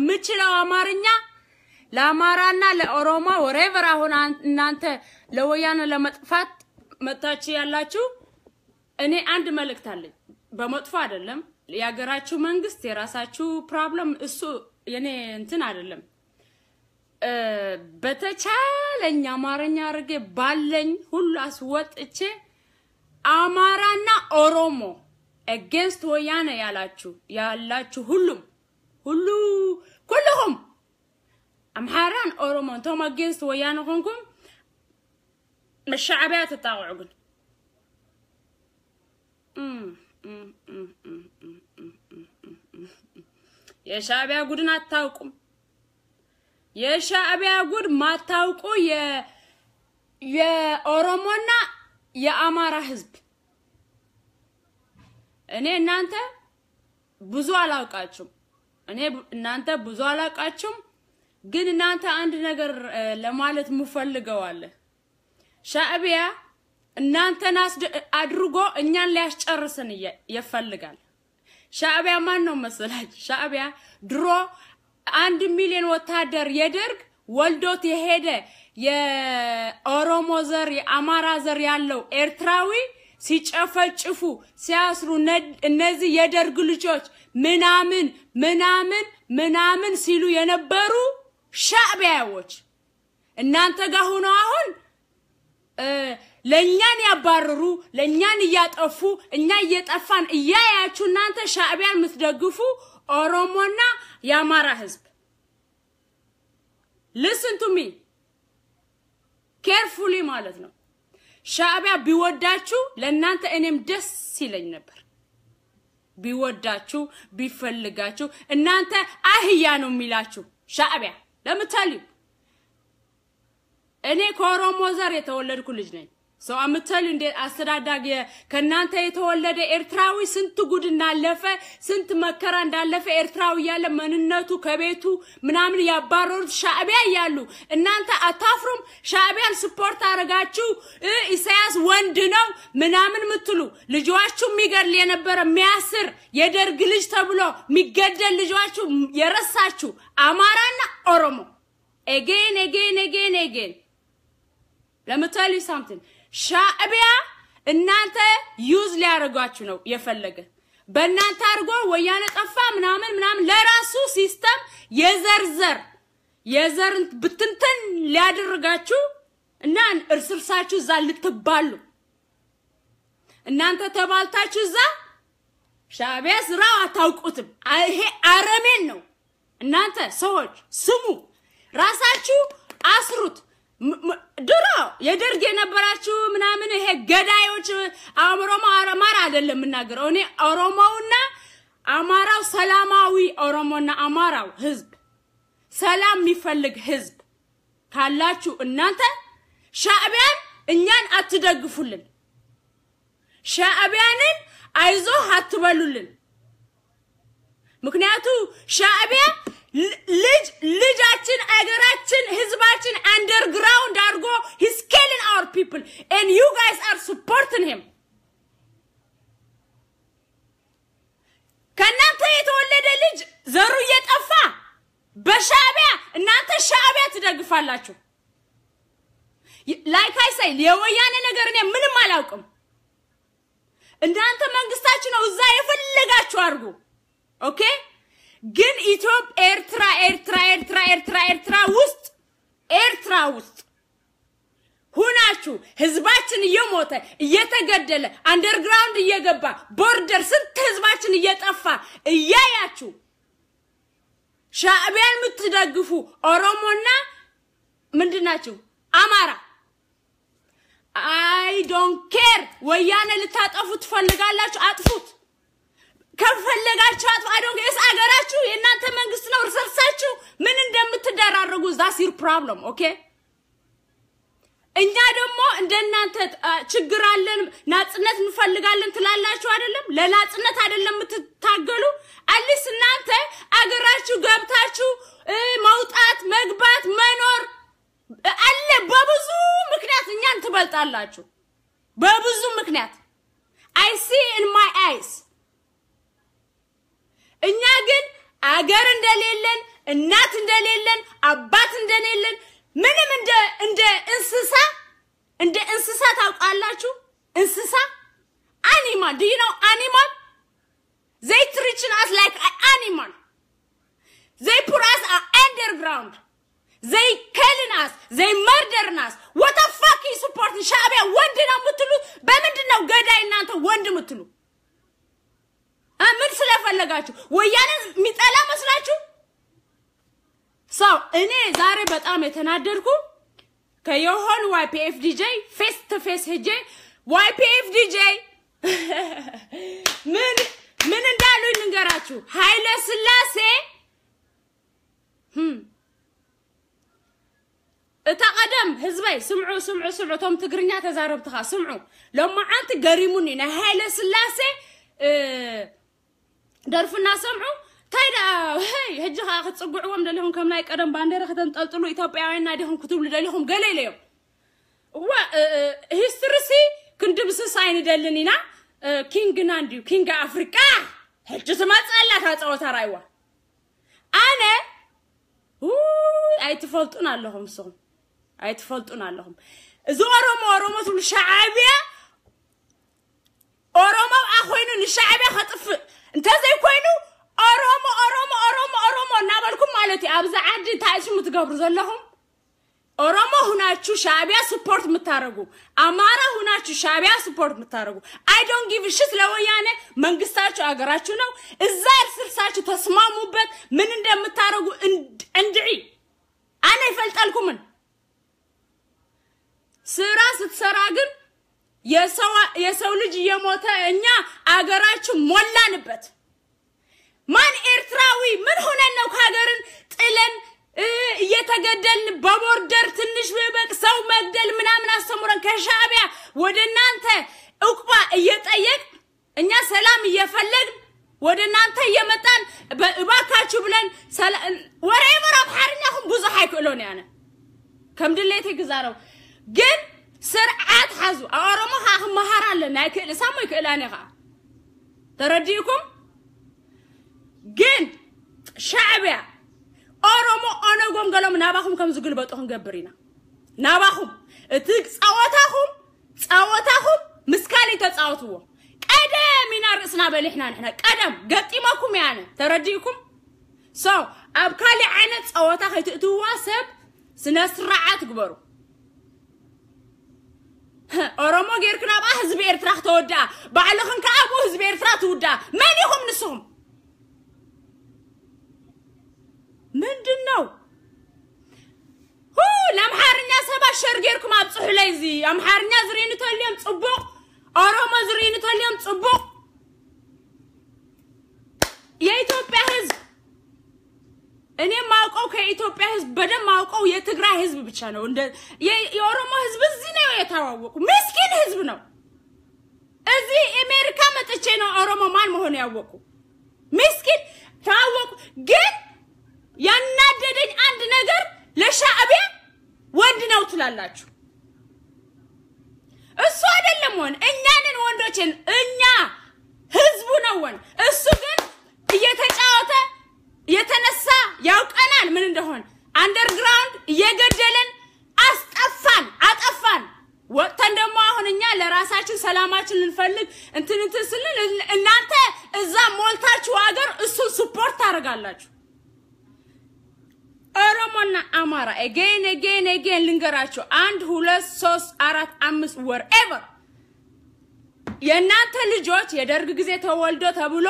የምችለው አማርኛ ለአማራና ለኦሮሞ ወሬቨር አሁን እናንተ ለወያነ ለመጥፋት መታች ያላችሁ እኔ አንድ መልእክት አለኝ። በመጥፎ አይደለም የሀገራችሁ መንግስት የራሳችሁ ፕሮብለም እሱ የኔ እንትን አይደለም። በተቻለኝ አማርኛ አድርጌ ባለኝ ሁሉ አስወጥቼ አማራና ኦሮሞ ኤጌንስት ወያነ ያላችሁ ያላችሁ ሁሉም ሁሉ ኩልኩም አምሓራን ኦሮሞን ቶም ኣጌንስት ወያነ ኮንኩም መሻዕብያ ተጣቅዑ ግን የሻዕቢያ ጉድን አታውቁም። የሻዕቢያ ጉድ ማታውቁ የኦሮሞና የአማራ ህዝብ እኔ እናንተ ብዙ አላውቃችሁም። እኔ እናንተ ብዙ አላቃችሁም፣ ግን እናንተ አንድ ነገር ለማለት የምፈልገው አለ። ሻዕቢያ እናንተን አድርጎ እኛን ሊያስጨርስን ይፈልጋል። ሻዕቢያ ማን ነው መሰላችሁ? ሻዕቢያ ድሮ አንድ ሚሊዮን ወታደር የደርግ ወልዶት የሄደ የኦሮሞ ዘር የአማራ ዘር ያለው ኤርትራዊ ሲጨፈጭፉ ሲያስሩ እነዚህ የደርግ ልጆች ምናምን ምናምን ምናምን ሲሉ የነበሩ ሻዕቢያዎች እናንተ ጋር ሁኖ አሁን ለእኛን ያባረሩ ለእኛን እያጠፉ እኛ እየጠፋን እያያችሁ እናንተ ሻዕቢያን የምትደግፉ ኦሮሞና የአማራ ህዝብ ልስንቱሚ ኬርፉሊ ማለት ነው። ሻዕቢያ ቢወዳችሁ ለእናንተ እኔም ደስ ይለኝ ነበር። ቢወዳችሁ ቢፈልጋችሁ እናንተ አህያ ነው የሚላችሁ ሻዕቢያ ለምታልዩ እኔ ከኦሮሞ ዘር የተወለድኩ ልጅ ነኝ። ሰው አምተል እንደ አስተዳዳጊ ከናንተ የተወለደ ኤርትራዊ ስንት ጉድ እንዳለፈ ስንት መከራ እንዳለፈ ኤርትራዊ ያለ ማንነቱ ከቤቱ ምናምን ያባረሩት ሻዕቢያ እያሉ እናንተ አታፍሩም? ሻዕቢያን ስፖርት አረጋችሁ። ኢሳያስ ወንድ ነው ምናምን ምትሉ ልጇችሁ የሚገድል የነበረ የሚያስር የደርግ ልጅ ተብሎ የሚገደል ልጇችሁ የረሳችሁ አማራና ኦሮሞ ኤጌን ኤጌን ኤጌን ኤጌን ለምታሊ ሳምቲንግ ሻዕቢያ እናንተ ዩዝ ሊያደርጓችሁ ነው የፈለገ በእናንተ አድርጎ ወያነ ጠፋ ምናምን ምናምን ለራሱ ሲስተም የዘርዘር የዘር ብትንትን ሊያደርጋችሁ እና እርስርሳችሁ እዛ ልትባሉ እናንተ ተባልታችሁ እዛ ሻዕቢያ ስራው አታውቁትም። ይሄ አረሜን ነው። እናንተ ሰዎች ስሙ፣ ራሳችሁ አስሩት። ድሮ የደርግ የነበራችሁ ምናምን ይሄ ገዳዮች አእምሮ አማራ አይደለም የምናገረው እኔ ኦሮሞውና አማራው ሰላማዊ ኦሮሞና አማራው ህዝብ ሰላም የሚፈልግ ህዝብ ካላችሁ እናንተ ሻዕቢያን እኛን አትደግፉልን፣ ሻዕቢያንን አይዞህ አትበሉልን። ምክንያቱ ሻዕቢያ ልጅ ልጃችን አገራችን ህዝባችን አንደርግራውንድ አድርጎ ሂስ አወር ፒፕል ኤንድ ዩ ጋይስ አር ሱፖርትን ሂም። ከእናንተ የተወለደ ልጅ ዘሩ እየጠፋ በሻዕቢያ እናንተ ሻዕቢያ ትደግፋላችሁ። ላይክ አይሳይ የወያኔ ነገር እኔ ምንም አላውቅም። እናንተ መንግስታችሁ ነው፣ እዛ የፈለጋችሁ አድርጉ። ኦኬ ግን ኢትዮጵያ ኤርትራ ኤርትራ ኤርትራ ኤርትራ ኤርትራ ውስጥ ኤርትራ ውስጥ ሁናችሁ ህዝባችን እየሞተ እየተገደለ አንደርግራውንድ እየገባ ቦርደር ስንት ህዝባችን እየጠፋ እያያችሁ ሻዕቢያን የምትደግፉ ኦሮሞና ምንድን ናችሁ? አማራ አይ ዶንት ኬር። ወያኔ ልታጠፉ ትፈልጋላችሁ? አጥፉት። ከፈለጋችሁ አጥፋዶ ገስ አገራችሁ የእናንተ መንግስት ነው። እርስ ምን እንደምትደራረጉ ዛስ ዩር ፕሮብለም ኦኬ። እኛ ደግሞ እንደናንተ ችግር አለን፣ ናጽነት እንፈልጋለን ትላላችሁ አይደለም። ለናጽነት አይደለም የምትታገሉ። አሊስ እናንተ አገራችሁ ገብታችሁ መውጣት፣ መግባት፣ መኖር አለ። በብዙ ምክንያት እኛን ትበልጣላችሁ። በብዙ ምክንያት አይ ሲ ኢን ማይ አይስ እኛ ግን አገር እንደሌለን እናት እንደሌለን አባት እንደሌለን ምንም እንደ እንደ እንስሳ እንደ እንስሳ ታውቃላችሁ። እንስሳ አኒማል ዲዩ ኖ አኒማል ዘይ ትሪችን አስ ላይክ አኒማል ዘይ ፑር አስ አንደርግራውንድ ዘይ ከልናስ ዘይ መርደርናስ ወተፋኪ ስፖርት ሻዕቢያ ወንድ ነው የምትሉ በምንድን ነው ገዳይ እናንተ ወንድ የምትሉ? ምን ስለፈለጋችሁ ወያኔን የሚጠላ መስላችሁ ሰው እኔ ዛሬ በጣም የተናደድኩ ከየሆን ዋይፒኤፍዲጄ ፌስ ቱ ፌስ ሄጄ ዋይፒኤፍዲጄ ምን ምን እንዳሉ ንገራችሁ። ኃይለ ስላሴ hm። እታ ቀደም ህዝበይ ስምዑ ስምዑ ስምዑ ቶም ትግርኛ ተዛረብትኻ ስምዑ ሎማዓንቲ ገሪሙኒ ናይ ኃይለ ስላሴ درفنا سمعو كايدا هاي هجي ها خصقعو ام دلهم كم لايك ادم باندرا ختنطلطلو ايتوبياوين ناديهم كتب لدلهم غليليو وا هيستريسي كندبس ساين دلنينا كينغ ناندو كينغ افريكا هجي سما صلا تاصو ترايوا انا اي تفلطون اللهم سو اي تفلطون اللهم زورو مورو مسل شعبيه اورومو اخوينو الشعبيه خطف እንተዘይ ኮይኑ ኦሮሞ ኦሮሞ ኦሮሞ ኦሮሞ እናበልኩም ማለት እዩ ኣብዛ ዓዲ እንታይ ምትገብሩ ዘለኹም ኦሮሞ ሁናችሁ ሻዕቢያ ስፖርት ምታረጉ አማራ ሁናችሁ ሻዕቢያ ስፖርት ምታረጉ አይ ዶንት ጊቭ ሺት ለወያነ መንግስታችሁ አገራችሁ ነው። እዛ እርስርሳችሁ ተስማሙበት። ምን እንደምታረጉ እንድዒ ኣነ ይፈልጠልኩምን። ስራ ስትሰራ ግን የሰው ልጅ እየሞተ እኛ አገራችን ሞላንበት። ማን ኤርትራዊ ምን ሆነን ነው ከሀገርን ጥለን እየተገደልን በቦርደር ትንሽ በቅ ሰው መግደል ምናምን አስተምረን ከሻዕቢያ ወደ እናንተ እቁባ እየጠየቅ እኛ ሰላም እየፈለግን ወደ እናንተ እየመጣን እባካችሁ ብለን ወሬ ምዕራብ ሓርኛ ሁን ብዙሕ አይክእሎን ያነ ከምድሌት ድሌት ይግዛረው ግን ስርዓት ሓዙ ኣኦሮሞ ከዓ ክመሃር ኣለና ይክእል እሳሞ ይክእላኒ ከዓ ترجيكم جن شعبيا أرومو أنا قوم قالوا من أباهم كم زقل بتوهم جبرينا نباهم تكس أوتهم أوتهم مسكالي تتأوتوا قدم من رأسنا بلحنا نحنا قدم قتي ماكم يعني ترجيكم سو so, أبكالي عينت أوتها تأتوا سب سنسرعات قبروا ኦሮሞ ጌርክ ናባ ህዝቢ ኤርትራ ክተወዳ ባዕልኽን ከዓ ብኡ ህዝቢ ኤርትራ ትውዳ መን ኢኹም ንስኹም ምንድን ነው ለአምሓርኛ ሰባት ሸር ጌርኩም ኣብ ፅሑለይ እዚ ኣምሓርኛ ዝርእኑ ተልዮም ፅቡቕ ኦሮሞ ዝርእኑ ተልዮም ፅቡቕ የኢትዮጵያ ህዝብ በደንብ አውቀው የትግራይ ህዝብ ብቻ ነው። የኦሮሞ ህዝብ እዚህ ነው የተዋወቁ። ምስኪን ህዝብ ነው። እዚህ አሜሪካ መጥቼ ነው ኦሮሞ ማን መሆን ያወቁ። ምስኪን ተዋወቁ። ግን ያናደደኝ አንድ ነገር ለሻዕቢያ ወንድ ነው ትላላችሁ። እሱ አይደለም ሆነ እኛ እናንተ እዛ ሞልታችሁ ሀገር እሱን ሱፖርት ታደርጋላችሁ። ኦሮሞና አማራ ኤጌን ኤጌን ኤጌን ልንገራችሁ፣ አንድ ሁለት ሶስት አራት አምስት ወር ኤቨር የእናንተ ልጆች የደርግ ጊዜ ተወልዶ ተብሎ